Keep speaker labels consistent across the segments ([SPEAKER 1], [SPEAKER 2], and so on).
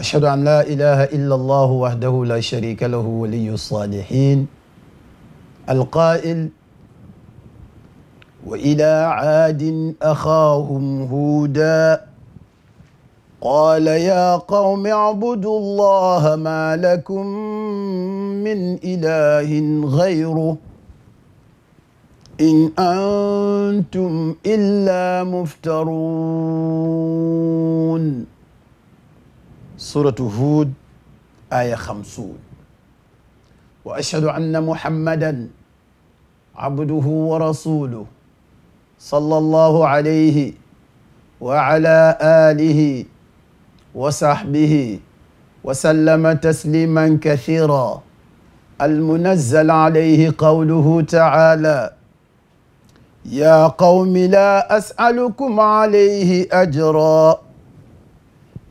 [SPEAKER 1] أشهد أن لا إله إلا الله وحده لا شريك له ولي الصالحين القائل وإلى عاد أخاهم هودا قال يا قوم اعبدوا الله ما لكم من إله غيره إن أنتم إلا مفترون suratu huud aaya xamsuun wa ashhadu anna muhammadan abduhu wa rasuluh sallallahu alayhi wa ala alihi wa sahbihi wa sallama tasliman kathira المنزل عليه قوله تعالى يا قوم لا أسألكم عليه أجرا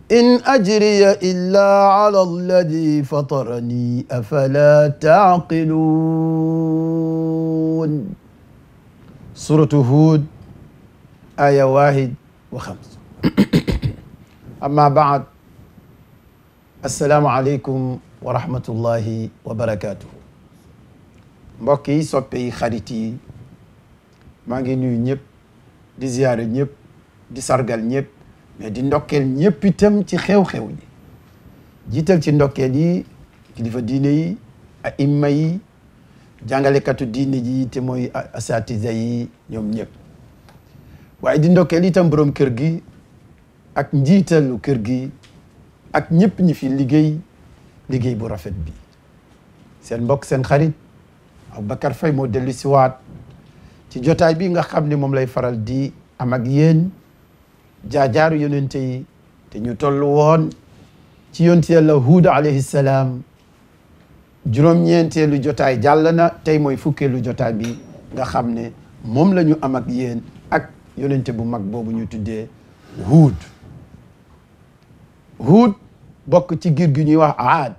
[SPEAKER 1] in ajriya illaa ala alladi fatarani afala taaqiluun suratu huud aya waahid wa xams amma baad assalaamu aleykum wa rahmatullahi wa barakaatuhu mbokk yi soppe yi xarit yi maa ngi nuyu ñëpp di ziyaare ñëpp di sargal ñëpp mais di ndokkeel ñëpp tam ci xew-xew yi jiital ci ndokkeel yi kilifa diine yi a imma yi jàngalekatu diine ji te mooy asatiza yi ñoom ñëpp waaye di ndokkeel itam borom kër gi ak njiitalu kër gi ak ñëpp ñi fi liggéey liggéey bu rafet bi seen mbok seen xarit Aboubacar Faye moo dellu siwaat ci jotaay bi nga xam ni moom lay faral di am ak yeen jaajaaru yonente yi te ñu toll woon ci yonte yàlla huud alayhi salaam juróom-ñeenteelu jotaay jàll na tey mooy fukkeelu jotaay bi nga xam ne moom la ñu am ak yéen ak yonente bu mag boobu ñu tuddee huud huud bokk ci giir gi ñuy wax aad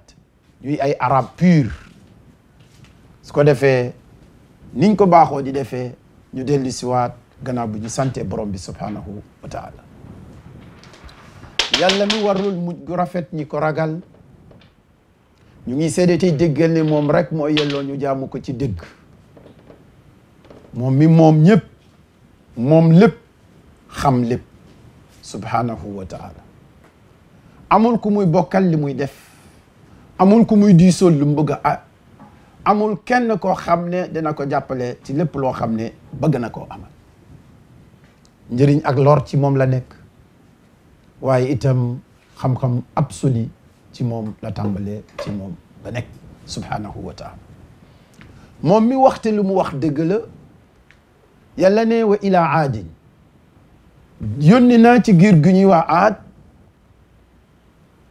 [SPEAKER 1] ñuy ay arab pur su ko defee niñ ko baaxoo di defee ñu dellu siwaat gannaaw bu ñu santee borom bi subhanahu wa yàlla mi warul mujj gu rafet ñi ko ragal ñu ngi seede tey déggal ne moom rek moo yelloo ñu jaamu ko ci dëgg moom mi moom ñëpp moom lépp xam lépp subhanahu wa taala amul ku muy bokkal li muy def amul ku muy diisool lu mu bëgg a amul kenn koo xam ne dina ko jàppale ci lépp loo xam ne bëgg na ko amal njëriñ ak loor ci moom la nekk waaye itam xam ab absolu ci moom la tàmbalee ci moom ba nekk subhaanahu wa moom mi waxte lu mu wax dëgg la yàlla ne wa ila aadin yónni naa ci giir gi ñuy wax aad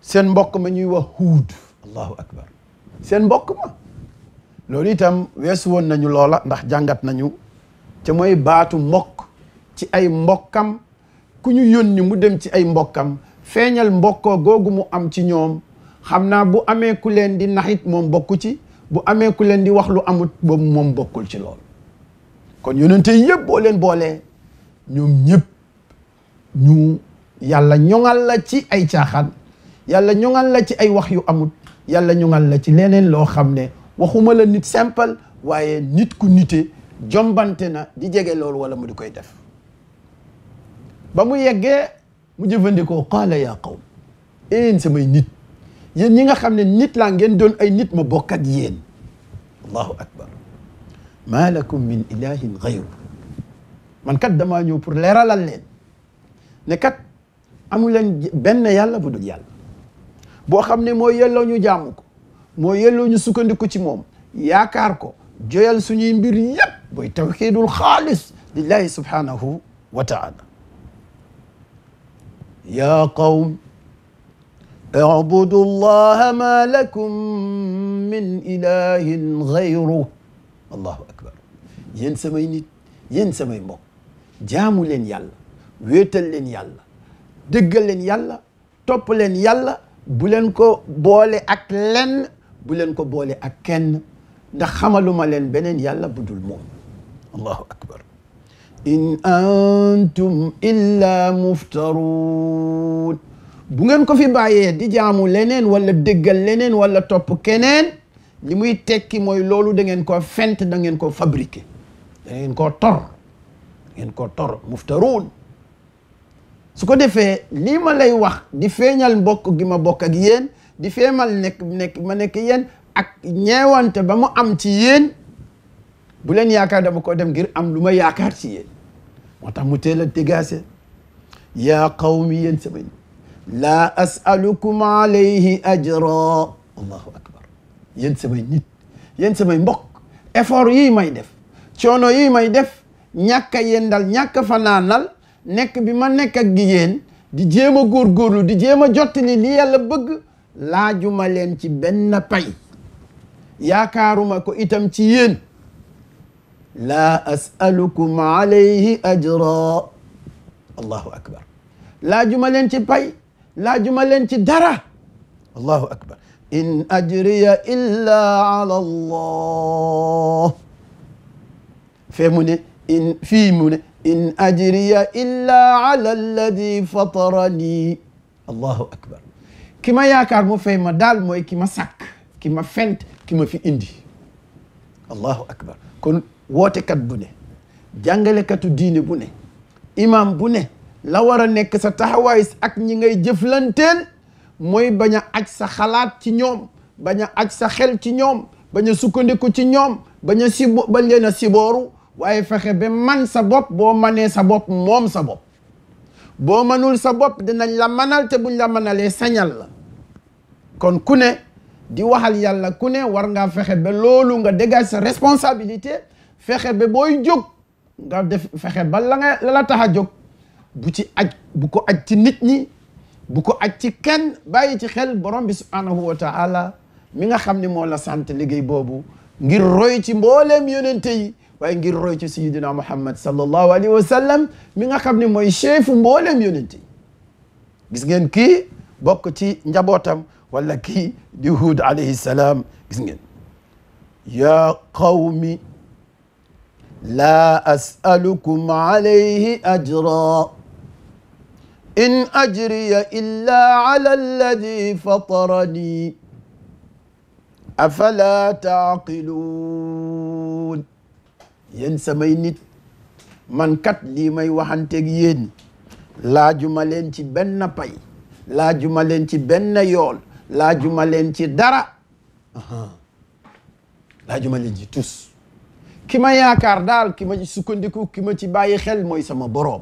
[SPEAKER 1] seen mbokk ma ñuy wax huud allahu akbar seen mbokk ma loolu itam weesu woon nañu loola ndax jàngat nañu te mooy baatu mbokk ci ay mbokkam ku ñu yónni mu dem ci ay mbokkam feeñal mbokkoo googu mu am ci ñoom xam naa bu amee ku leen di naxit moom bokku ci bu amee ku leen di wax lu amut boobu moom bokkul ci lool kon yonente yëpp boo leen boolee ñoom ñëpp ñu yàlla ñoŋal la ci ay caaxaan yàlla ñoŋal la ci ay wax yu amut yàlla ñoŋal la ci leneen loo xam ne waxuma la nit simple waaye nit ku nite jombante na di jege loolu wala mu di koy def ba mu yeggee mu jëfandikoo qaala yaa qawm een nit yéen ñi nga xam ne nit laa ngeen doon ay nit ma bokk ak yéen allahu akbar ma lakum min ilahin gayru man kat damaa ñëw pour leeralal leen ne kat amu leen benn yàlla bu dul yàlla boo xam ne moo yelloo ñu jaamu ko yelloo ñu sukkandiku ci moom yaakaar ko joyal suñuy mbir yépp booy tawxiidul xaalis lillahi subhanahu wa taala يا قوم اعبدوا الله ما لكم من إله غيره الله أكبر yéen samay nit yéen samay mbokk jaamu leen yàlla wéetal leen yàlla dëggal leen yàlla topp leen yàlla bu leen ko boole ak lenn bu leen ko boole ak kenn ndax xamaluma leen beneen yàlla budul moom allahu akbar in antum illa muftaruun bu ngeen ko fi bàyyee di jaamu leneen wala déggal leneen wala topp keneen li muy tekki mooy loolu da ngeen ko fent da ngeen ko fabriqué da ngeen ko tor ngeen ko tor muftaruun su ko defee lii ma lay wax di feeñal mbokk gi ma mbokk ak yéen di feemal nekk nekk ma nekk yéen ak ñeewante ba mu am ci yeen bu leen yaakaar dama ko dem ngir am lu ma yaakaar ci yéen moo tax mu teel a dégaase yaa qawmi yéen sama laa asalukum alayhi ajra allahu akbar samay nit yéen samay mbokk effort yi may def coono yi may def ñàkk yendal ñàkk fanaanal nekk bi ma nekk ak jigéen di jéem a góorgóorlu di jéem a jottali li yàlla bëgg laajuma leen ci benn pay yaakaaruma ko itam ci yéen laa asalukum alayhi ajra allahu akbar laajuma leen ci pay laajuma leen ci dara allahu akbar in ajriya illa ala allah fee mu ne in fii mu ne in ajriya illa ala alladi fatarani allahu akbar ki ma yaakaar mu fay ma daal mooy ki ma sàkk ki ma fent ki ma fi indi allahu akbar kon wootekat bu ne jàngalekatu diini bu ne imam bu ne la war a nekk sa taxawaay ak ñi ngay jëflanteel mooy bañ a aj sa xalaat ci ñoom bañ a aj sa xel ci ñoom bañ a sukkandiku ci ñoom bañ a sibo bañ sibooru waaye fexe ba man sa bopp boo manee sa bopp moom sa bopp boo manul sa bopp dinañ la manal te buñ la manalee sañal la kon ku ne di waxal yàlla ku ne war ngaa fexe ba loolu nga dégage sa responsabilité fexe ba booy jog nga def fexe ba la nga la tax a jóg bu ci aj bu ko aj ci nit ñi bu ko aj ci kenn bàyyi ci xel borom bi subhaanahu wa mi nga xam ne moo la sant liggéey boobu ngir roy ci mbooleem yonente yi waaye ngir roy ci sayyidina muhammad sallallahu alayhi wa sallam mi nga xam ne mooy chefu mbooleem yonente yi gis ngeen ki bokk ci njabootam wala kii di Huud alayhi salaam gis ngeen yaa qawmi laa as'alukum alayhi ajra in ajriya illaa ala alladi fatarani afalaa taaqiluun yéen samay nit man kat lii may waxanteeg yéen laajuma leen ci benn pay laajuma leen ci benn yool laajuma leen ci dara laajuma leen ci tus ki ma yaakaar daal ki ma ci sukkandiku ki ma ci bàyyi xel mooy sama boroom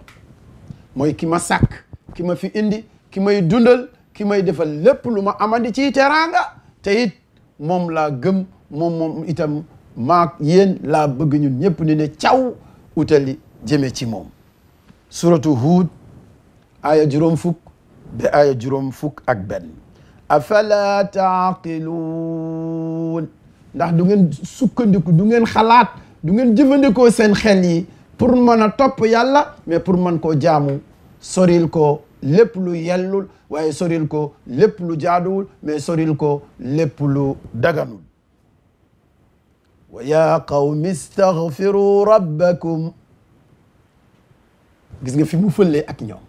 [SPEAKER 1] mooy ki ma sàkk ki ma fi indi ki may dundal ki may defal lépp lu ma amandi ci teraanga te it moom laa gëm moom moom itam maak yéen laa bëgg ñun ñëpp ni ne caw utali jëme ci moom suratu huud aya juróom fukk ba aya juróom fukk ak benn afala taaqiluun ndax du ngeen sukkandiku du ngeen xalaat du ngeen jëfandikoo seen xel yi pour mën a topp yàlla mais pour mën koo jaamu soril ko lépp lu yellul waaye soril ko lépp lu jaaduwul mais soril ko lépp lu daganul wa ya qawmi istaghfiru rabbakum gis nga fi mu fëlee ak ñoom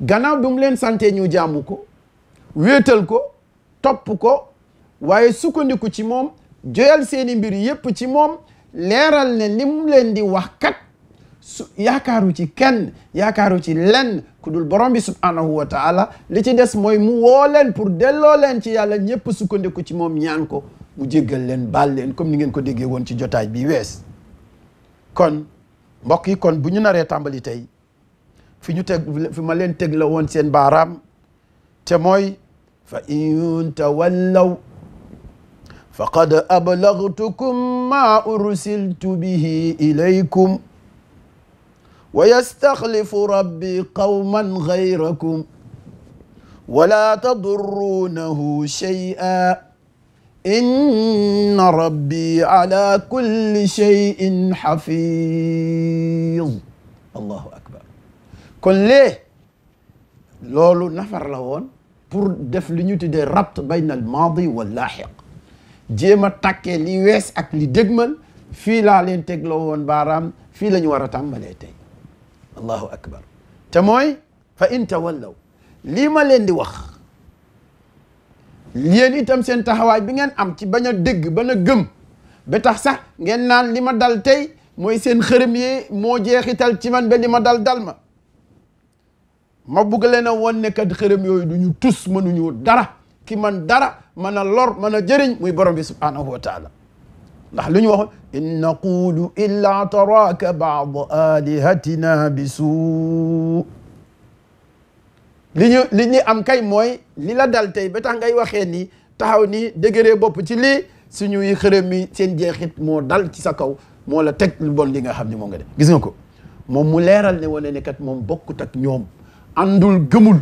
[SPEAKER 1] gannaaw bi leen sante ñu jaamu ko wéetal ko topp ko waaye sukkandiku ci moom joyal seeni mbir yépp ci moom leeral ne li mu leen di wax kat su yaakaaru ci kenn yaakaaru ci lenn ku dul borom bi subhanahu wa taala li ci des mooy mu woo leen pour delloo leen ci yàlla ñëpp sukkandiku ci moom ñaan ko mu jéggal leen baal leen comme ni ngeen ko déggee woon ci jotaay bi wees kon mbokk yi kon bu ñu naree tàmbali tey fi ñu teg ma leen teg la woon seen baaraam te mooy fa in tawallaw faqad ablagtukum ma ursiltu bihi ilaykum wa yastaxlifu rabbi qawman gayrakum wala tadurruunahu shay'an inna rabbi ala kulli shay'in xafiid allahu akbar kon lee loolu nafar la woon pour def li ñu tuddee rabt bayna al maadi wal laaxiq jéem a takkee li wees ak li dégmal fii laa leen tegloo woon baaraam fii lañu ñu war a tàmbalee tey allahu akbar te mooy fa in tawallaw lii ma leen di wax yéen itam seen taxawaay bi ngeen am ci bañ a dégg bañ gëm ba tax sax ngeen naan li ma dal tey mooy seen xërëm yi moo jeexital ci man ba li ma dal dal ma ma bugg leen a woon ne kat xërëm yooyu du ñu tus mënuñu dara ki man dara mën a lor mën a jëriñ muy borom bi subhaanahu ndax lu ñu waxoon in naqulu illa taraka baadu alihatina bi suu li ñu li ñu am kay mooy li la dal tey ba tax ngay waxee ni taxaw nii dëgëree bopp ci lii suñuy xërëm mi seen jeexit moo dal ci sa kaw moo la teg lu bon li nga xam ne moom nga def gis nga ko moom mu leeral ne wane ne kat moom bokkut ak ñoom àndul gëmul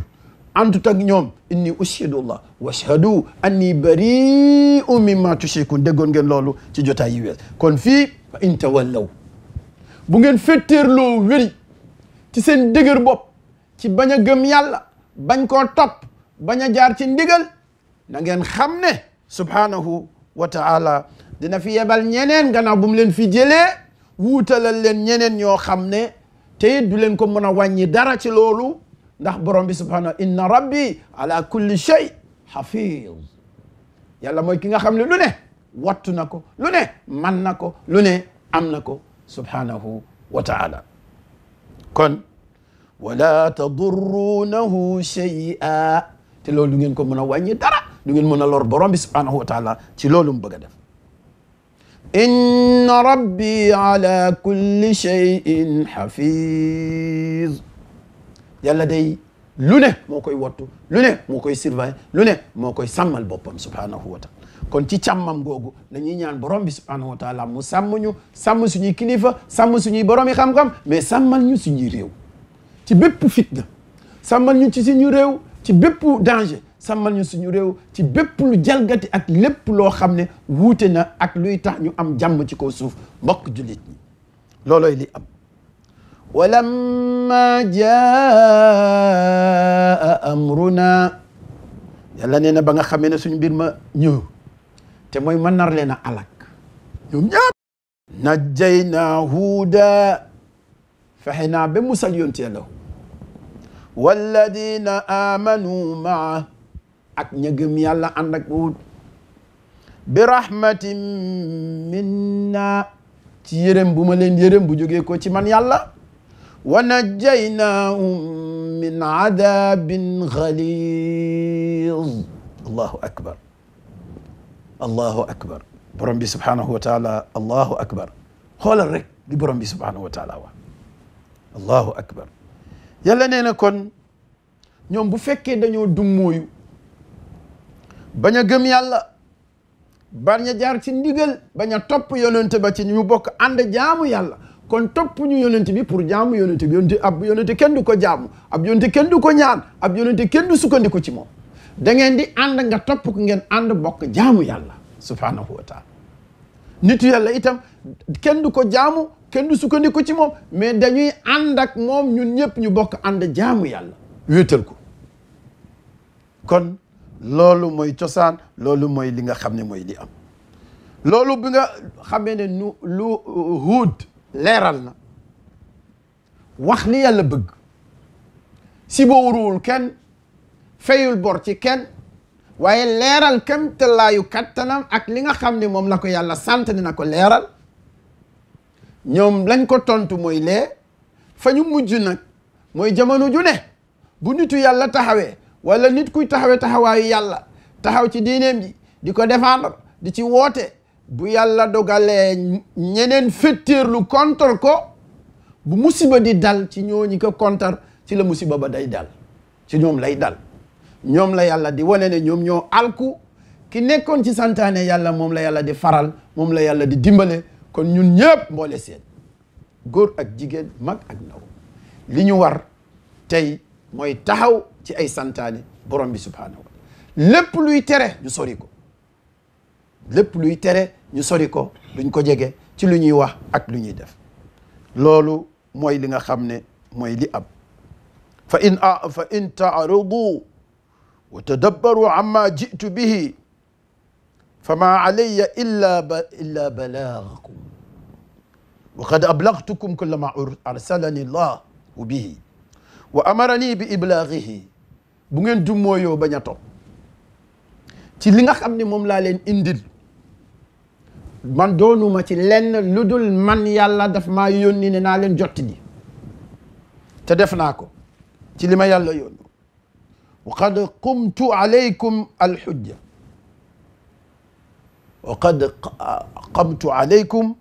[SPEAKER 1] àndut ak ñoom inni ushhidullah washhadu anni bari'un mimma tushrikun déggoon ngeen loolu ci jotaay yi wees kon fii fa in tawallaw bu ngeen fetteerloo wéri ci seen dëgër bopp ci bañ a gëm yàlla bañ koo topp bañ a jaar ci ndigal na ngeen xam ne subhanahu wa ta'ala dina fi yebal ñeneen gannaaw bu leen fi jëlee wuutalal leen ñeneen ñoo xam ne te du leen ko mën a wàññi dara ci loolu ndax borom bi subhanahu inna rabbi ala kulli shay hafiz yàlla mooy ki nga xam ne lu ne wattu na ko lu ne man na ko lu ne am na ko subhanahu wa taala kon wala tadurrunahu shay'a te loolu du ngeen ko mën a wàññi dara du ngeen mën a lor borom bi subhanahu wa taala ci loolu mu bëgg a def inna rabbi ala kulli shay'in hafiz yàlla day lu ne moo koy wattu lu ne moo koy surveiller lu ne moo koy sàmmal boppam subhanahu wa taala kon ci càmmam googu dañuy ñaan borom bi subhanahu wa taala mu sàmm ñu sàmm suñuy kilifa sàmm suñuy borom yi xam-xam mais sàmmal ñu suñuy réew ci bépp fitna sàmmal ñu ci suñu réew ci bépp danger sàmmal ñu suñu réew ci bépp lu jalgati ak lépp loo xam ne wuute na ak luy tax ñu am jàmm ci ko suuf mbokk jullit ñi loolooy li am walamma jaa amruna yàlla nee na ba nga xamee ne suñu mbir ma ñëw te mooy man nar leen a alak ñoom ñaar najjaynaa huuda fexe naa ba musal yonte la walladina maa ak ña gëm yàlla ànd ak wut bi rahmatin ci yërëm bu ma leen yërëm bu jógee ko ci man yàlla wa najjaynahum min adabin ghaliz allahu akbar allahu akbar borom bi subhaanahu wa taala allahu akbar xoolal rek li borom bi subhaanahu wa taala wax allahu akbar yàlla nee na kon ñoom bu fekkee dañoo dummóoyu bañ a gëm yàlla bañ a jaar ci ndigal bañ a topp yonente ba ci ñu bokk ànd jaamu yàlla kon topp ñu yonent bi pour jaamu yonent bi yonent ab yonent kenn du ko jaamu ab yonent kenn du ko ñaan ab yonent kenn du sukkandiku ci moom da ngeen di ànd nga topp ko ngeen ànd bokk jamu yàlla subhaanahu wa taala nitu yàlla itam kenn du ko jaamu kenn du sukkandiku ci moom mais dañuy ànd ak moom ñun ñëpp ñu bokk ànd jaamu yàlla wéetal ko kon loolu mooy cosaan loolu mooy li nga xam ne mooy li am loolu bi nga xamee ne nu lu Huud uh, leeral na wax ni yàlla bëgg si boo waruwul kenn fayul bor ci kenn waaye leeral kam te laayu kattanam ak li nga xam ni moom la ko yàlla sant na ko leeral ñoom lañ ko tontu mooy lee fa ñu mujj nag mooy jamono ju ne bu nitu yàlla taxawee wala nit kuy taxawee taxawaayu yàlla taxaw ci diineem ji di ko défendre di ci woote bu yàlla dogalee ñeneen lu contre ko bu musiba di dal ci ñooñi ko contre ci la musiba ba day dal ci ñoom lay dal ñoom la yàlla di wane ne ñoom ñoo alku ki nekkoon ci santaane yàlla moom la yàlla di faral moom la yàlla di dimbale kon ñun ñëpp mboole seen góor ak jigéen mag ak ndaw li ñu war tey mooy taxaw ci ay santaane borom bi subhaanahu lépp luy tere ñu sori ko lépp luy tere ñu sori ko duñ ko jege ci lu ñuy wax ak lu ñuy def loolu mooy li nga xam ne mooy li ab fa in a fa in taaradu wa tadabbaru amma jitu bihi fa ma alayya illa ba illa qad ablagtukum kulla ma arsalani llahu bihi amarani bi iblaagihi bu ngeen dummooyoo bañ a topp ci li nga xam ne moom laa leen indil man doonuma ci lenn lu dul man yàlla daf ma yónni ne naa leen jotti ji te def naa ko ci li ma yàlla yónni wa qad qumtu alaykum alxujja wa qad qamtu alaykum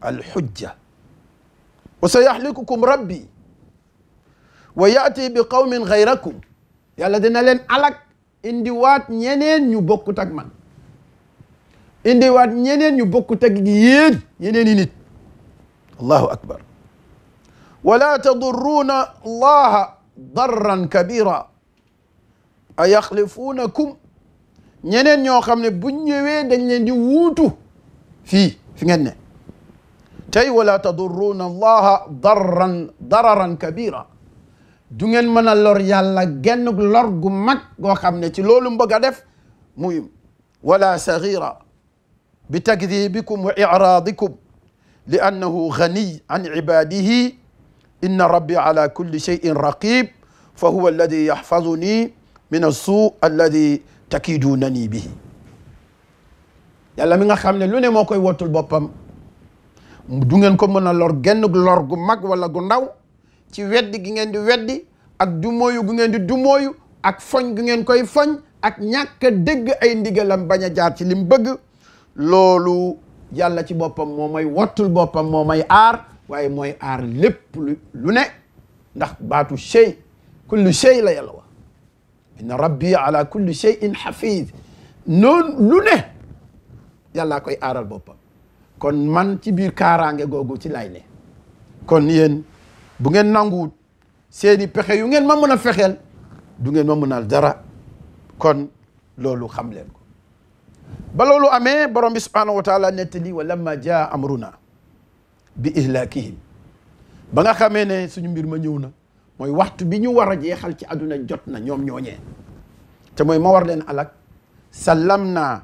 [SPEAKER 1] alxujja wa sa yaxlikukum rabbi wa yàlla dina leen alak indiwaat ñeneen ñu bokkut ak man indiwaat ñeneen ñu bokkut ak yéen yeneen i nit allahu akbar wala tadurruuna allaha darran kabira a yaxlifuunakum ñeneen ñoo xam ne bu ñëwee dañ leen di wuutu fii fi ngeen ne tey wala tadurruuna allaha darran dararan kabira du ngeen mën a lor yàlla genn lor gu mag goo xam ne ci loolu mbëgg a def muy wala sagira بتكذيبكم وإعراضكم لأنه غني عن عباده إن ربي على كل شيء رقيب فهو الذي يحفظني من السوء الذي تكيدونني به yàlla mi nga xam ne lu ne moo koy wottul boppam du ngeen ko mën a lor genn lor gu mag wala gu ndaw ci weddi gi ngeen di weddi ak dumooyu gu ngeen di dumooyu ak foñ gu ngeen koy foñ ak ñàkk a dégg ay ndigalam bañ a jaar ci lim bëgg loolu yàlla ci boppam moo may wattul boppam moo may aar waaye mooy aar lépp lu ne ndax baatu shay kullu shay la yàlla wax inna rabbi ala kulli shayin xafiid noonu lu ne yàllaa koy aaral boppam kon man ci biir kaaraange googu ci lay ne kon yéen bu ngeen nanguwut seeni pexe yu ngeen ma mën a fexeel du ngeen ma mënal dara kon loolu xam leen ba loolu amee borom bi subhaanahu wa taala nettali wa lamma jaa amruna bi ihlaakihim ba nga xamee ne suñu mbir ma ñëw na mooy waxtu bi ñu war a jeexal ci àdduna jot na ñoom ñooñee te mooy ma war leen alak sallam naa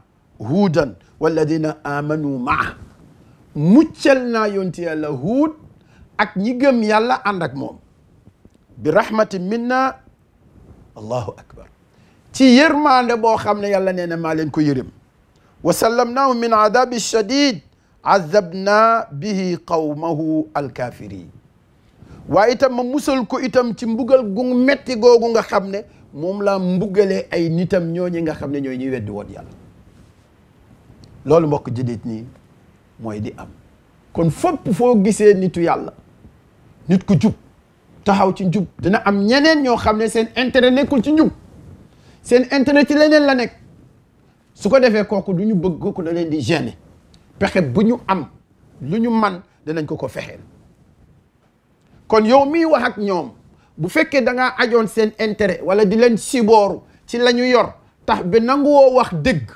[SPEAKER 1] huudan walladina amanu maa muccal yoon yonti yàlla huud ak ñi gëm yàlla ànd moom bi rahmatin minna allahu akbar ci yërmande boo xam ne yàlla nee na maa leen ko yërëm wa sallamnaahu min aadabi shadid azabna bihi qawmahu alkafirin waaye itam ma musal ko itam ci mbugal gu metti googu nga xam ne moom laa mbugalee ay nitam ñooñi nga xam ne ñooy ñuy weddi woon yàlla loolu mbokk jidit ni mooy di am kon fépp foo gisee nitu yàlla nit ku jub taxaw ci njub dina am ñeneen ñoo xam ne seen intérêt nekkul ci njub seen intérêt ci leneen la nekk su ko defee kooku du ñu bëgg kooku da leen di gêner pexe bu ñu am lu ñu man danañ ko ko fexeel kon yow miy wax ak ñoom bu fekkee da ngaa ajoon seen intérêt wala di leen sibooru ci la ñu yor tax ba nanguwoo wax dëgg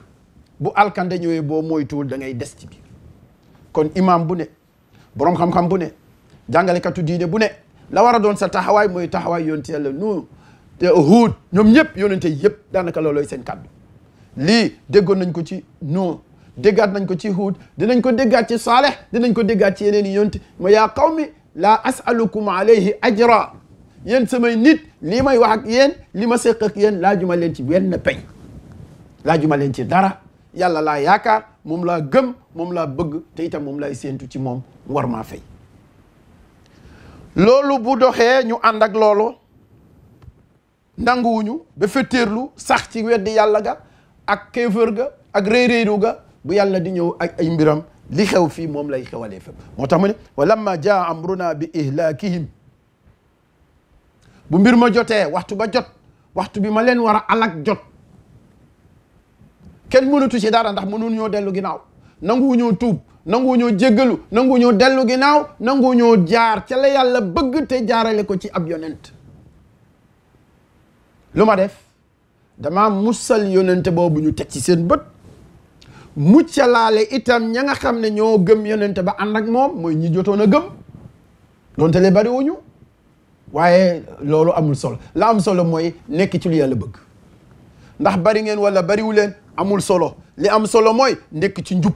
[SPEAKER 1] bu alkande ñëwee boo moytuwul da ngay des ci biir kon imam bu ne boroom xam-xam bu ne jàngalekatu diine bu ne la war a doon sa taxawaay mooy taxawaay yonente yàlla nu te ñoom ñëpp yonente yëpp daanaka loolooy seen kàddu lii déggoon nañ ko ci Nuux déggaat nañ ko ci Huud dinañ ko déggaat ci dinañ ko déggaat ci yeneen i yonti ma yaa qawmi laa asalukum alayhi ajra yéen samay nit lii may wax ak yéen li ma seq ak yéen laajuma leen ci benn pay laajuma leen ci dara yàlla laa yaakaar moom laa gëm moom la bëgg teyta moom laay séentu ci moom war maa fay loolu bu doxee ñu ànd ak loolu nanguwuñu ba fetteerlu sax ci weddi yàlla ga ak kéefër ga ak réeréeru bu yàlla di ñëw ak ay mbiram li xew fii moom lay xewalee fépp moo tax mu ne wa lamma jaa amruna bi ihlaakihim bu mbir ma jotee waxtu ba jot waxtu bi ma leen war a alak jot kenn mënatu ci dara ndax mënuñu ñoo dellu ginnaaw nangu ñoo tuub nangu ñoo jéggalu nangu ñoo dellu ginnaaw nangu ñoo jaar ca la yàlla bëgg te jaarale ko ci ab yonent lu ma def dama musal yonente boobu ñu teg ci seen bët muccalaale itam ña nga xam ne ñoo gëm yonente ba ànd ak moom mooy ñi jotoon a gëm donte le bari waaye loolu amul solo la am solo mooy nekk ci bëgg ndax bari ngeen wala bariwu leen amul solo li am solo mooy nekk ci njub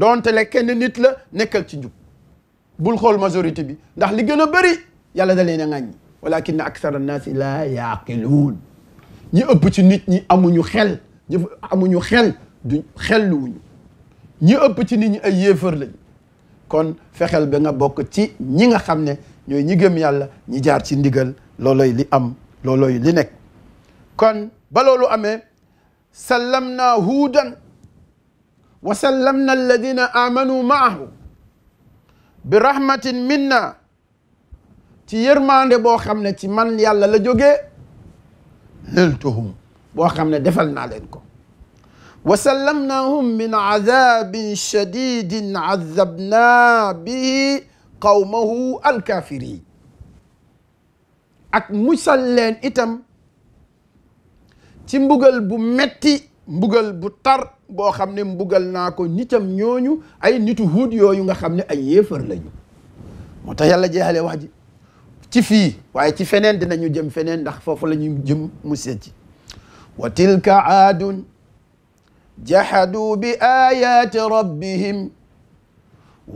[SPEAKER 1] donte le kenn nit la nekkal ci njub bul xool majorité bi ndax li gën a bari yàlla da leen a ŋàññi walakin akthara annaasi la yaqiluun ñi ëpp ci nit ñi amuñu xel ñi amuñu xel du xel luwuñu ñi ëpp ci nit ñi ay yéefar lañ kon fexeel ba nga bokk ci ñi nga xam ne ñooy ñi gëm yàlla ñi jaar ci ndigal looloy li am looloy li nekk kon baloolu loolu amee sallam naa huudan wa sallam na alladina amanu maahu bi rahmatin minna ci yërmande boo xam ne ci man yàlla la jógee niltuhum boo xam ne defal naa leen ko wa sallamnaahum min aadabin shadidin azabna bihi qawmahu alkaafiriin ak musal leen itam ci mbugal bu metti mbugal bu tar boo xam ne mbugal naa ko nitam ñooñu ay nitu huud yooyu nga xam ne ay yéefar lañu moo tax yàlla jeexalee wax ci fi waaye ci feneen dinañu jëm feneen ndax foofu la ñuy jëm mu seeti wa tilka aadun jahaduu bi ayaati rabbihim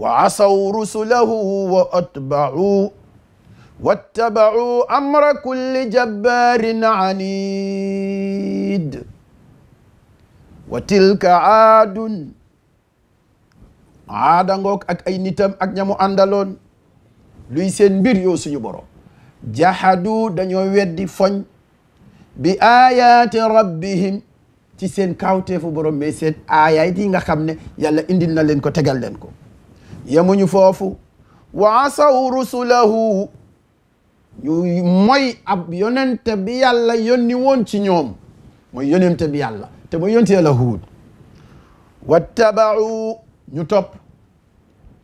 [SPEAKER 1] wa asaw rusulahu wa atbacuu wattabacuu amra kulli jabbaarin anid wa tilka aadun aada ak ay nitam ak ñamu àndaloon luy seen mbir yow suñu borom jahadu dañoo weddi foñ bi ayaati rabbihim ci seen kawteefu borom mais seen aayaat yi nga xam ne yàlla indil na leen ko tegal leen ko yemuñu foofu wa asaw rusulahu ñu ab yonente bi yàlla yónni woon ci ñoom mooy yonente bi yàlla te mooy yonente yàlla huud wattabau ñu topp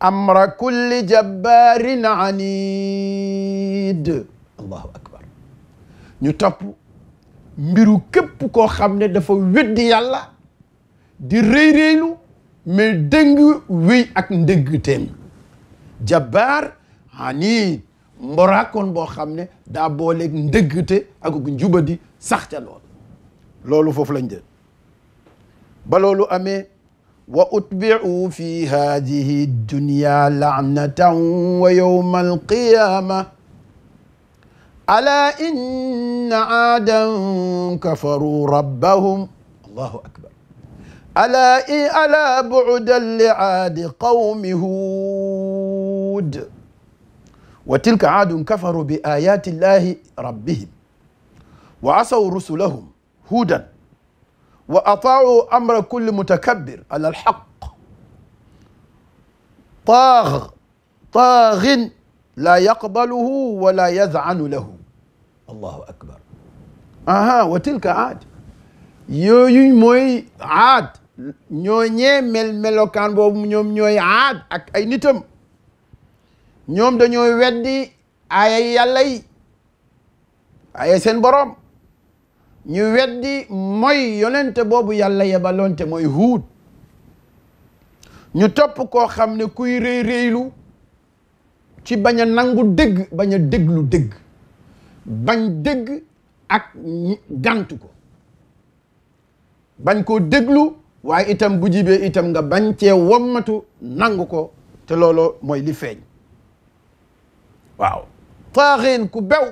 [SPEAKER 1] amra kulli na anid allahu akbar ñu topp mbiru képp koo xam ne dafa weddi yàlla di rëy rëylu mais dëng wéy ak ndëgg teem jabbaar anid mboraakoon boo xam ne daa booleeg ndëggte ak njubadi sax ca lool loolu foofu lañ jël ba loolu amee wa utbi'u fi hadihi dunya la'natan wa yawma alqiyama ala inna aadan kafaru rabbahum allahu akbar ala i ala bu'dan li aadi qawmi huud wa tilka aadun kafaru bi ayaati llahi rabbihim wa asaw rusulahum huudan wa ataacu amra kulli mutakabbir ala alxaq taax taaxin laa yaqbaluhu wala yadcanu lahu allahu akbar aha wa tilka aad yooyu mooy aad ñooñee mel melokaan boobu ñoom ñooy aad ak ay nitam ñoom dañooy weddi aaya yàlla yi aaya seen boroom ñu weddi moy yonente boobu yàlla yebaloon te mooy huut ñu topp koo xam ne kuy réy ci bañ a nangu dëgg bañ a déglu dëgg bañ dëgg ak gàntu ko bañ ko déglu waaye itam bu jibee itam nga bañ cee wommatu nangu ko te looloo mooy li feeñ waaw taaxin ku bew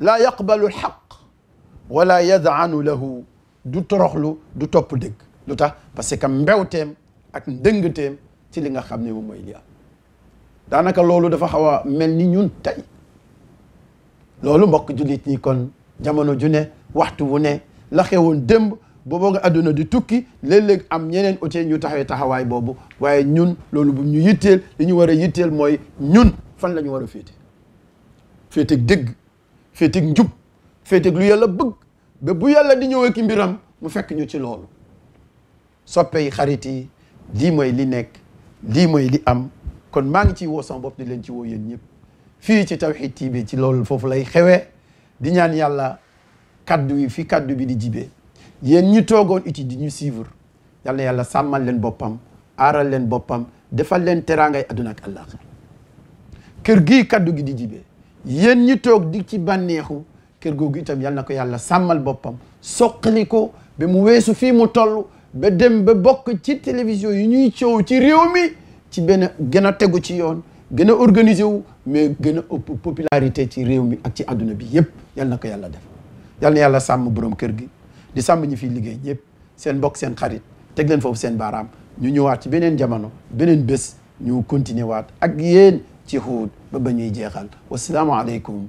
[SPEAKER 1] laa yaqbalu alxaq wala yadaanu lahu du toroxlu du topp dëgg lu tax parce que mbewteem ak ndëngteem ci li nga xam ne moom mooy li daanaka loolu dafa xaw a mel ni ñun tey loolu mbokk jullit ñi kon jamono ju ne waxtu wu ne la xewoon démb booboo nga àdduna di tukki léeg am ñeneen ote ñu taxawee taxawaay boobu waaye ñun loolu bu ñu yitteel li ñu war a yitteel mooy ñun fan lañu ñu war a féete féeteg dëgg féeteg njub féete lu yàlla bëgg ba bu yàlla di ñëwee ki mbiram mu fekk ñu ci loolu soppe yi xarit yi lii mooy li nekk lii mooy li am kon maa ngi ciy woo sama bopp di leen ci woo yéen ñëpp fii ci Tawhid TV ci loolu foofu lay xewee di ñaan yàlla kaddu yi fi kaddu bi di jibee yéen ñi toogoon uti di ñu yàlla yàlla sàmmal leen boppam aaral leen boppam defal leen teraangay adduna ak kër gii kaddu gi di jibee yéen ñi toog di ci bànneexu kër googu itam yal na ko yàlla sàmmal boppam soqali ko ba mu weesu fii mu toll ba dem ba bokk ci télévision yi ñuy coow ci réew mi ci benn gën a tegu ci yoon gën a organiser wu mais gën a ëpp popularité ci réew mi ak ci àdduna bi yëpp yal na ko yàlla def yal na yàlla sàmm borom kër gi di sàmm ñi fiy liggéey ñëpp seen bokk seen xarit teg leen foofu seen baaraam ñu ñëwaat ci beneen jamono beneen bés ñu continuer waat ak yéen ci xuut ba ba ñuy jeexal wasalaamaaleykum